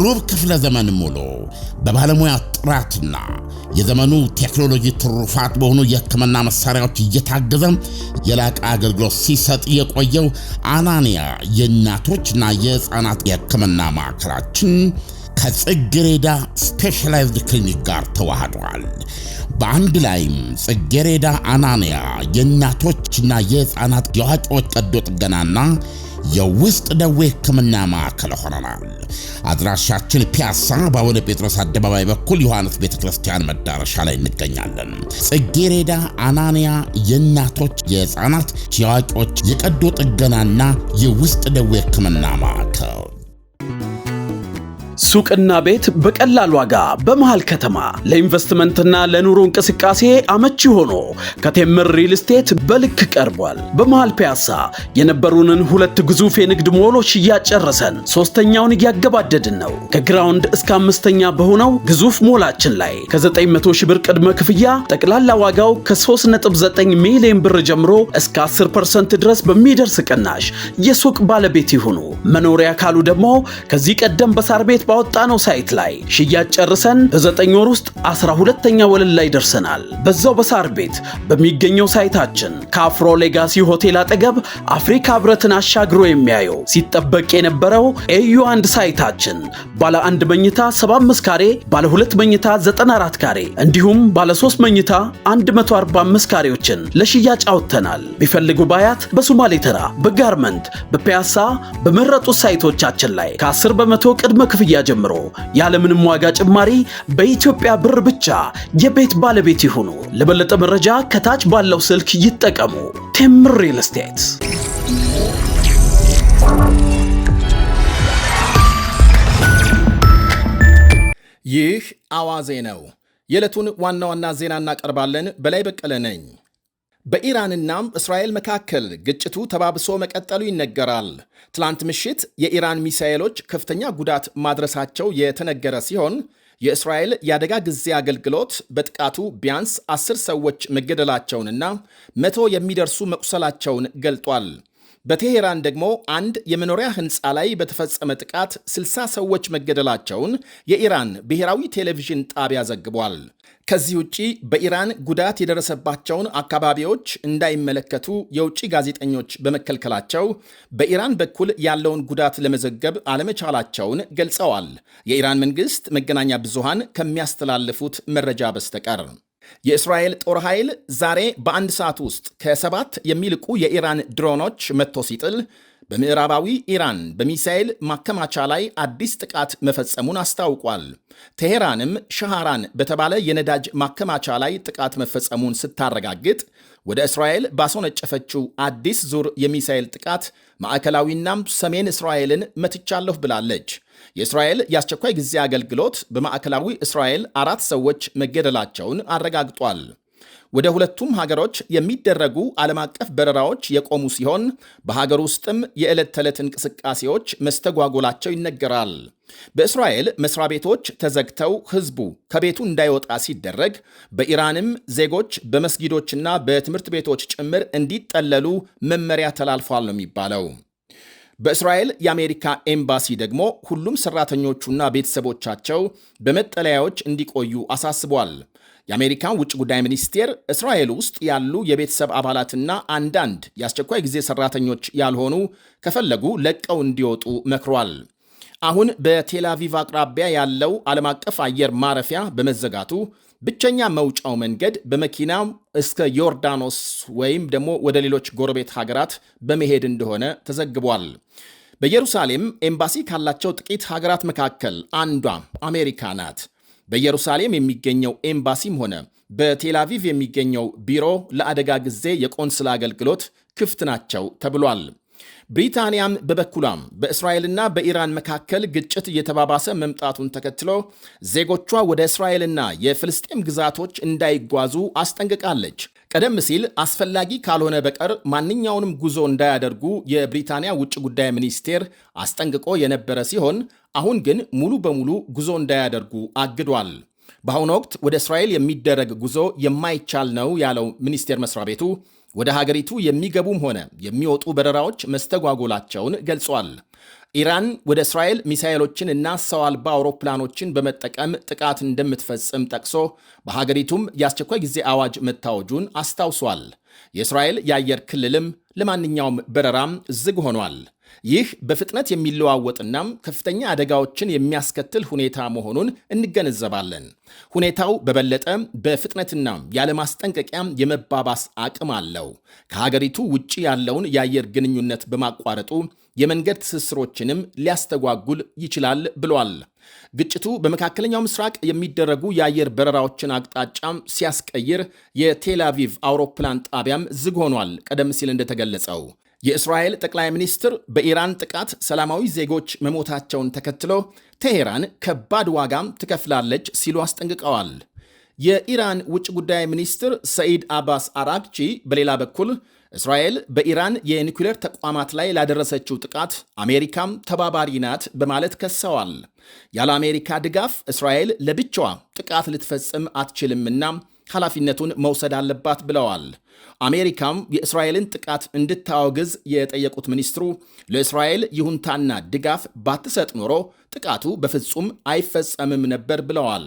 ሩብ ክፍለ ዘመን ሙሉ በባለሙያ ጥራትና የዘመኑ ቴክኖሎጂ ትሩፋት በሆኑ የሕክምና መሳሪያዎች እየታገዘ የላቀ አገልግሎት ሲሰጥ የቆየው አናንያ የእናቶችና የሕፃናት የሕክምና ማዕከላችን ከጽጌሬዳ ስፔሻላይዝድ ክሊኒክ ጋር ተዋህደዋል። በአንድ ላይም ጽጌሬዳ አናንያ የእናቶችና የሕፃናት የአዋቂዎች ቀዶ ጥገናና የውስጥ ደዌ ሕክምና ማዕከል ሆነናል። አድራሻችን ፒያሳ በአቡነ ጴጥሮስ አደባባይ በኩል ዮሐንስ ቤተ ክርስቲያን መዳረሻ ላይ እንገኛለን። ጽጌሬዳ፣ አናንያ የእናቶች የሕፃናት፣ የአዋቂዎች የቀዶ ጥገናና የውስጥ ደዌ ሕክምና ማዕከል ሱቅና ቤት በቀላል ዋጋ በመሃል ከተማ ለኢንቨስትመንትና ለኑሮ እንቅስቃሴ አመቺ ሆኖ ከቴምር ሪል ስቴት በልክ ቀርቧል። በመሃል ፒያሳ የነበሩንን ሁለት ግዙፍ የንግድ ሞሎች እያጨረሰን ሶስተኛውን እያገባደድን ነው። ከግራውንድ እስከ አምስተኛ በሆነው ግዙፍ ሞላችን ላይ ከ900 ሺህ ብር ቅድመ ክፍያ ጠቅላላ ዋጋው ከ3.9 ሚሊዮን ብር ጀምሮ እስከ 10 ፐርሰንት ድረስ በሚደርስ ቅናሽ የሱቅ ባለቤት ይሁኑ። መኖሪያ ካሉ ደግሞ ከዚህ ቀደም በሳር ቤት ባወጣነው ሳይት ላይ ሽያጭ ጨርሰን በዘጠኝ ወር ውስጥ አስራ ሁለተኛ ወለል ላይ ደርሰናል። በዛው በሳር ቤት በሚገኘው ሳይታችን ከአፍሮ ሌጋሲ ሆቴል አጠገብ አፍሪካ ህብረትን አሻግሮ የሚያየው ሲጠበቅ የነበረው ኤዩ አንድ ሳይታችን ባለ አንድ መኝታ 75 ካሬ፣ ባለ ሁለት መኝታ 94 ካሬ እንዲሁም ባለ ሶስት መኝታ 145 ካሬዎችን ለሽያጭ አውጥተናል። ቢፈልጉ ባያት፣ በሶማሌ ተራ፣ በጋርመንት፣ በፒያሳ በመረጡት ሳይቶቻችን ላይ ከ10 በመቶ ቅድመ ክፍያ ክፍያ ጀምሮ ያለምንም ዋጋ ጭማሪ በኢትዮጵያ ብር ብቻ የቤት ባለቤት ይሁኑ። ለበለጠ መረጃ ከታች ባለው ስልክ ይጠቀሙ። ቴምር ሪል ስቴት ይህ አዋዜ ነው። የዕለቱን ዋና ዋና ዜና እናቀርባለን። በላይ በቀለ ነኝ። በኢራንና እስራኤል መካከል ግጭቱ ተባብሶ መቀጠሉ ይነገራል። ትላንት ምሽት የኢራን ሚሳኤሎች ከፍተኛ ጉዳት ማድረሳቸው የተነገረ ሲሆን የእስራኤል የአደጋ ጊዜ አገልግሎት በጥቃቱ ቢያንስ አስር ሰዎች መገደላቸውንና መቶ የሚደርሱ መቁሰላቸውን ገልጧል። በቴሄራን ደግሞ አንድ የመኖሪያ ህንፃ ላይ በተፈጸመ ጥቃት 60 ሰዎች መገደላቸውን የኢራን ብሔራዊ ቴሌቪዥን ጣቢያ ዘግቧል። ከዚህ ውጪ በኢራን ጉዳት የደረሰባቸውን አካባቢዎች እንዳይመለከቱ የውጭ ጋዜጠኞች በመከልከላቸው በኢራን በኩል ያለውን ጉዳት ለመዘገብ አለመቻላቸውን ገልጸዋል። የኢራን መንግስት መገናኛ ብዙሃን ከሚያስተላልፉት መረጃ በስተቀር የእስራኤል ጦር ኃይል ዛሬ በአንድ ሰዓት ውስጥ ከሰባት የሚልቁ የኢራን ድሮኖች መጥቶ ሲጥል በምዕራባዊ ኢራን በሚሳኤል ማከማቻ ላይ አዲስ ጥቃት መፈጸሙን አስታውቋል። ቴሄራንም ሸሃራን በተባለ የነዳጅ ማከማቻ ላይ ጥቃት መፈጸሙን ስታረጋግጥ ወደ እስራኤል ባስወነጨፈችው አዲስ ዙር የሚሳኤል ጥቃት ማዕከላዊናም ሰሜን እስራኤልን መትቻለሁ ብላለች። የእስራኤል የአስቸኳይ ጊዜ አገልግሎት በማዕከላዊ እስራኤል አራት ሰዎች መገደላቸውን አረጋግጧል። ወደ ሁለቱም ሀገሮች የሚደረጉ ዓለም አቀፍ በረራዎች የቆሙ ሲሆን በሀገር ውስጥም የዕለት ተዕለት እንቅስቃሴዎች መስተጓጎላቸው ይነገራል። በእስራኤል መስሪያ ቤቶች ተዘግተው ሕዝቡ ከቤቱ እንዳይወጣ ሲደረግ፣ በኢራንም ዜጎች በመስጊዶችና በትምህርት ቤቶች ጭምር እንዲጠለሉ መመሪያ ተላልፏል ነው የሚባለው። በእስራኤል የአሜሪካ ኤምባሲ ደግሞ ሁሉም ሰራተኞቹና ቤተሰቦቻቸው በመጠለያዎች እንዲቆዩ አሳስቧል። የአሜሪካ ውጭ ጉዳይ ሚኒስቴር እስራኤል ውስጥ ያሉ የቤተሰብ አባላትና አንዳንድ የአስቸኳይ ጊዜ ሰራተኞች ያልሆኑ ከፈለጉ ለቀው እንዲወጡ መክሯል። አሁን በቴላቪቭ አቅራቢያ ያለው ዓለም አቀፍ አየር ማረፊያ በመዘጋቱ ብቸኛ መውጫው መንገድ በመኪና እስከ ዮርዳኖስ ወይም ደግሞ ወደ ሌሎች ጎረቤት ሀገራት በመሄድ እንደሆነ ተዘግቧል። በኢየሩሳሌም ኤምባሲ ካላቸው ጥቂት ሀገራት መካከል አንዷ አሜሪካ ናት። በኢየሩሳሌም የሚገኘው ኤምባሲም ሆነ በቴላቪቭ የሚገኘው ቢሮ ለአደጋ ጊዜ የቆንስላ አገልግሎት ክፍት ናቸው ተብሏል። ብሪታንያም በበኩሏም በእስራኤልና በኢራን መካከል ግጭት እየተባባሰ መምጣቱን ተከትሎ ዜጎቿ ወደ እስራኤልና የፍልስጤም ግዛቶች እንዳይጓዙ አስጠንቅቃለች። ቀደም ሲል አስፈላጊ ካልሆነ በቀር ማንኛውንም ጉዞ እንዳያደርጉ የብሪታንያ ውጭ ጉዳይ ሚኒስቴር አስጠንቅቆ የነበረ ሲሆን አሁን ግን ሙሉ በሙሉ ጉዞ እንዳያደርጉ አግዷል። በአሁኑ ወቅት ወደ እስራኤል የሚደረግ ጉዞ የማይቻል ነው ያለው ሚኒስቴር መስሪያ ቤቱ ወደ ሀገሪቱ የሚገቡም ሆነ የሚወጡ በረራዎች መስተጓጎላቸውን ገልጿል። ኢራን ወደ እስራኤል ሚሳኤሎችን እና ሰው አልባ አውሮፕላኖችን በመጠቀም ጥቃት እንደምትፈጽም ጠቅሶ በሀገሪቱም የአስቸኳይ ጊዜ አዋጅ መታወጁን አስታውሷል። የእስራኤል የአየር ክልልም ለማንኛውም በረራም ዝግ ሆኗል። ይህ በፍጥነት የሚለዋወጥናም ከፍተኛ አደጋዎችን የሚያስከትል ሁኔታ መሆኑን እንገነዘባለን። ሁኔታው በበለጠ በፍጥነትና ያለማስጠንቀቂያም የመባባስ አቅም አለው። ከሀገሪቱ ውጭ ያለውን የአየር ግንኙነት በማቋረጡ የመንገድ ትስስሮችንም ሊያስተጓጉል ይችላል ብሏል። ግጭቱ በመካከለኛው ምስራቅ የሚደረጉ የአየር በረራዎችን አቅጣጫም ሲያስቀይር የቴል አቪቭ አውሮፕላን ጣቢያም ዝግ ሆኗል። ቀደም ሲል እንደተገለጸው የእስራኤል ጠቅላይ ሚኒስትር በኢራን ጥቃት ሰላማዊ ዜጎች መሞታቸውን ተከትሎ ቴሄራን ከባድ ዋጋም ትከፍላለች ሲሉ አስጠንቅቀዋል። የኢራን ውጭ ጉዳይ ሚኒስትር ሰኢድ አባስ አራግቺ በሌላ በኩል እስራኤል በኢራን የኒኩሌር ተቋማት ላይ ላደረሰችው ጥቃት አሜሪካም ተባባሪ ናት በማለት ከሰዋል። ያለ አሜሪካ ድጋፍ እስራኤል ለብቻዋ ጥቃት ልትፈጽም አትችልምና ኃላፊነቱን መውሰድ አለባት ብለዋል። አሜሪካም የእስራኤልን ጥቃት እንድታወግዝ የጠየቁት ሚኒስትሩ ለእስራኤል ይሁንታና ድጋፍ ባትሰጥ ኖሮ ጥቃቱ በፍጹም አይፈጸምም ነበር ብለዋል።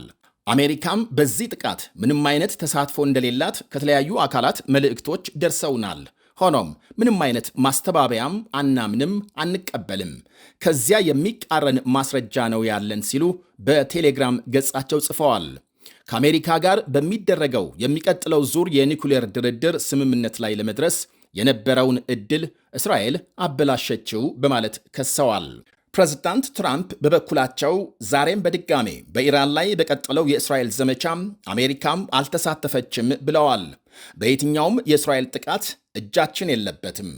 አሜሪካም በዚህ ጥቃት ምንም አይነት ተሳትፎ እንደሌላት ከተለያዩ አካላት መልእክቶች ደርሰውናል። ሆኖም ምንም አይነት ማስተባበያም አናምንም፣ አንቀበልም። ከዚያ የሚቃረን ማስረጃ ነው ያለን ሲሉ በቴሌግራም ገጻቸው ጽፈዋል። ከአሜሪካ ጋር በሚደረገው የሚቀጥለው ዙር የኒኩሌር ድርድር ስምምነት ላይ ለመድረስ የነበረውን ዕድል እስራኤል አበላሸችው በማለት ከሰዋል። ፕሬዝዳንት ትራምፕ በበኩላቸው ዛሬም በድጋሜ በኢራን ላይ በቀጠለው የእስራኤል ዘመቻ አሜሪካም አልተሳተፈችም ብለዋል። በየትኛውም የእስራኤል ጥቃት እጃችን የለበትም።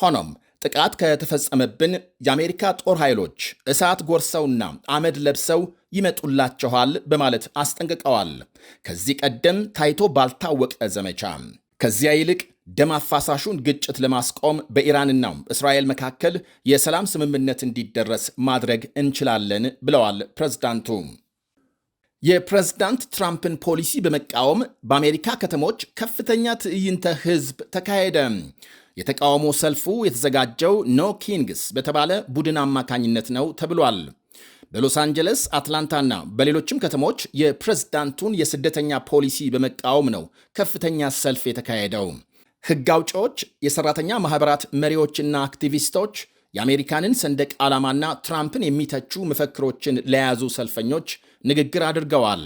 ሆኖም ጥቃት ከተፈጸመብን የአሜሪካ ጦር ኃይሎች እሳት ጎርሰውና አመድ ለብሰው ይመጡላቸኋል በማለት አስጠንቅቀዋል። ከዚህ ቀደም ታይቶ ባልታወቀ ዘመቻ ከዚያ ይልቅ ደም አፋሳሹን ግጭት ለማስቆም በኢራንና እስራኤል መካከል የሰላም ስምምነት እንዲደረስ ማድረግ እንችላለን ብለዋል ፕሬዝዳንቱ። የፕሬዝዳንት ትራምፕን ፖሊሲ በመቃወም በአሜሪካ ከተሞች ከፍተኛ ትዕይንተ ህዝብ ተካሄደ። የተቃውሞ ሰልፉ የተዘጋጀው ኖ ኪንግስ በተባለ ቡድን አማካኝነት ነው ተብሏል። በሎስ አንጀለስ፣ አትላንታና በሌሎችም ከተሞች የፕሬዝዳንቱን የስደተኛ ፖሊሲ በመቃወም ነው ከፍተኛ ሰልፍ የተካሄደው። ሕግ አውጪዎች፣ የሰራተኛ ማኅበራት መሪዎችና አክቲቪስቶች የአሜሪካንን ሰንደቅ ዓላማና ትራምፕን የሚተቹ መፈክሮችን ለያዙ ሰልፈኞች ንግግር አድርገዋል።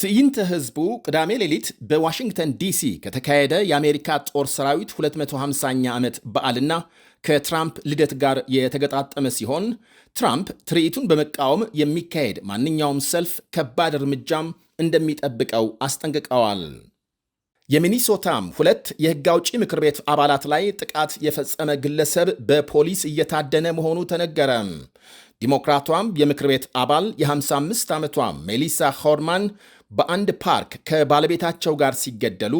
ትዕይንተ ህዝቡ ቅዳሜ ሌሊት በዋሽንግተን ዲሲ ከተካሄደ የአሜሪካ ጦር ሰራዊት 250ኛ ዓመት በዓልና ከትራምፕ ልደት ጋር የተገጣጠመ ሲሆን ትራምፕ ትርኢቱን በመቃወም የሚካሄድ ማንኛውም ሰልፍ ከባድ እርምጃም እንደሚጠብቀው አስጠንቅቀዋል። የሚኒሶታም ሁለት የህግ አውጪ ምክር ቤት አባላት ላይ ጥቃት የፈጸመ ግለሰብ በፖሊስ እየታደነ መሆኑ ተነገረ። ዲሞክራቷም የምክር ቤት አባል የ55 ዓመቷ ሜሊሳ ሆርማን በአንድ ፓርክ ከባለቤታቸው ጋር ሲገደሉ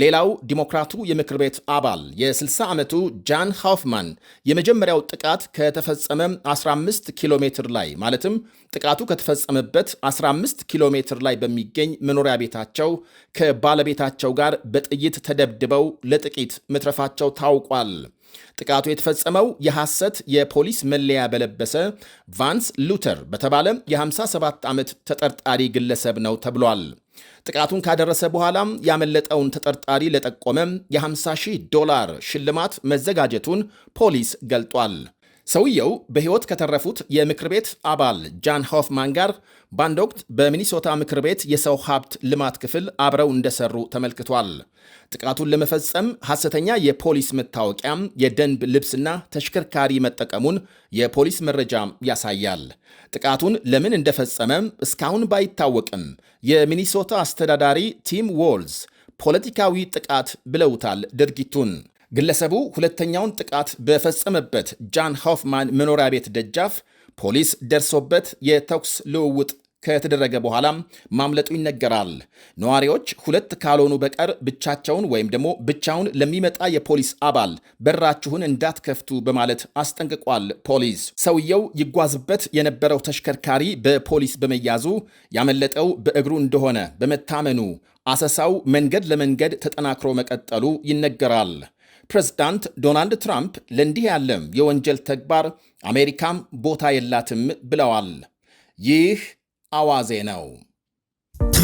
ሌላው ዲሞክራቱ የምክር ቤት አባል የ60 ዓመቱ ጃን ሃውፍማን የመጀመሪያው ጥቃት ከተፈጸመ 15 ኪሎ ሜትር ላይ ማለትም ጥቃቱ ከተፈጸመበት 15 ኪሎ ሜትር ላይ በሚገኝ መኖሪያ ቤታቸው ከባለቤታቸው ጋር በጥይት ተደብድበው ለጥቂት መትረፋቸው ታውቋል። ጥቃቱ የተፈጸመው የሐሰት የፖሊስ መለያ በለበሰ ቫንስ ሉተር በተባለ የ57 ዓመት ተጠርጣሪ ግለሰብ ነው ተብሏል። ጥቃቱን ካደረሰ በኋላም ያመለጠውን ተጠርጣሪ ለጠቆመ የ50 ሺህ ዶላር ሽልማት መዘጋጀቱን ፖሊስ ገልጧል። ሰውየው በሕይወት ከተረፉት የምክር ቤት አባል ጃን ሆፍማን ጋር በአንድ ወቅት በሚኒሶታ ምክር ቤት የሰው ሀብት ልማት ክፍል አብረው እንደሰሩ ተመልክቷል። ጥቃቱን ለመፈጸም ሐሰተኛ የፖሊስ መታወቂያም፣ የደንብ ልብስና ተሽከርካሪ መጠቀሙን የፖሊስ መረጃ ያሳያል። ጥቃቱን ለምን እንደፈጸመ እስካሁን ባይታወቅም የሚኒሶታ አስተዳዳሪ ቲም ዎልዝ ፖለቲካዊ ጥቃት ብለውታል ድርጊቱን። ግለሰቡ ሁለተኛውን ጥቃት በፈጸመበት ጃን ሆፍማን መኖሪያ ቤት ደጃፍ ፖሊስ ደርሶበት የተኩስ ልውውጥ ከተደረገ በኋላም ማምለጡ ይነገራል። ነዋሪዎች ሁለት ካልሆኑ በቀር ብቻቸውን ወይም ደግሞ ብቻውን ለሚመጣ የፖሊስ አባል በራችሁን እንዳትከፍቱ በማለት አስጠንቅቋል። ፖሊስ ሰውየው ይጓዝበት የነበረው ተሽከርካሪ በፖሊስ በመያዙ ያመለጠው በእግሩ እንደሆነ በመታመኑ አሰሳው መንገድ ለመንገድ ተጠናክሮ መቀጠሉ ይነገራል። ፕሬዝዳንት ዶናልድ ትራምፕ ለእንዲህ ያለም የወንጀል ተግባር አሜሪካም ቦታ የላትም ብለዋል። ይህ አዋዜ ነው።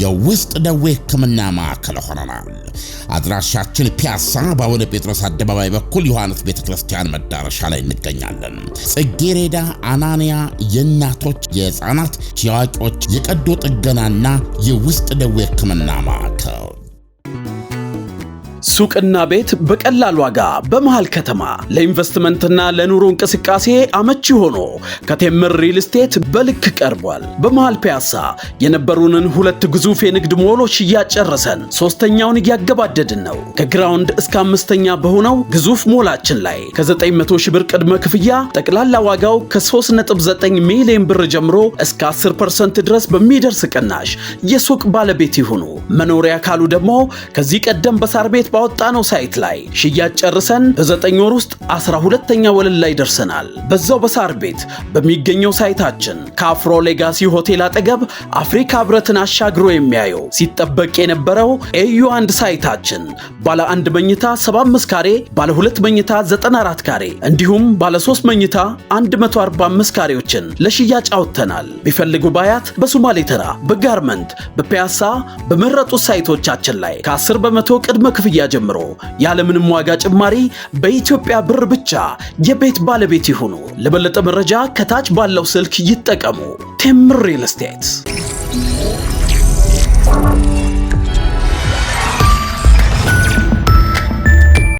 የውስጥ ደዌ ሕክምና ማዕከል ሆነናል። አድራሻችን ፒያሳ በአቡነ ጴጥሮስ አደባባይ በኩል ዮሐንስ ቤተ ክርስቲያን መዳረሻ ላይ እንገኛለን። ጽጌሬዳ፣ አናንያ የእናቶች የሕፃናት፣ የአዋቂዎች የቀዶ ጥገናና የውስጥ ደዌ ሕክምና ማዕከል ሱቅና ቤት በቀላል ዋጋ በመሃል ከተማ ለኢንቨስትመንትና ለኑሮ እንቅስቃሴ አመቺ ሆኖ ከቴምር ሪል ስቴት በልክ ቀርቧል። በመሃል ፒያሳ የነበሩንን ሁለት ግዙፍ የንግድ ሞሎች እያጨረሰን ሶስተኛውን እያገባደድን ነው። ከግራውንድ እስከ አምስተኛ በሆነው ግዙፍ ሞላችን ላይ ከ900 ሺህ ብር ቅድመ ክፍያ ጠቅላላ ዋጋው ከ3.9 ሚሊዮን ብር ጀምሮ እስከ 10 ፐርሰንት ድረስ በሚደርስ ቅናሽ የሱቅ ባለቤት ይሁኑ። መኖሪያ ካሉ ደግሞ ከዚህ ቀደም በሳር ቤት ባወጣነው ሳይት ላይ ሽያጭ ጨርሰን በዘጠኝ ወር ውስጥ አስራ ሁለተኛ ወለል ላይ ደርሰናል። በዛው በሳር ቤት በሚገኘው ሳይታችን ከአፍሮ ሌጋሲ ሆቴል አጠገብ አፍሪካ ህብረትን አሻግሮ የሚያየው ሲጠበቅ የነበረው ኤዩ አንድ ሳይታችን ባለ አንድ መኝታ 75 ካሬ፣ ባለ ሁለት መኝታ 94 ካሬ እንዲሁም ባለ ሶስት መኝታ 145 ካሬዎችን ለሽያጭ አውጥተናል። ቢፈልጉ ባያት፣ በሶማሌ ተራ፣ በጋርመንት፣ በፒያሳ በመረጡት ሳይቶቻችን ላይ ከ10 በመቶ ቅድመ ክፍያ ጀምሮ ያለምንም ዋጋ ጭማሪ በኢትዮጵያ ብር ብቻ የቤት ባለቤት ይሁኑ። ለበለጠ መረጃ ከታች ባለው ስልክ ይጠቀሙ። ቴምር ሪል ስቴት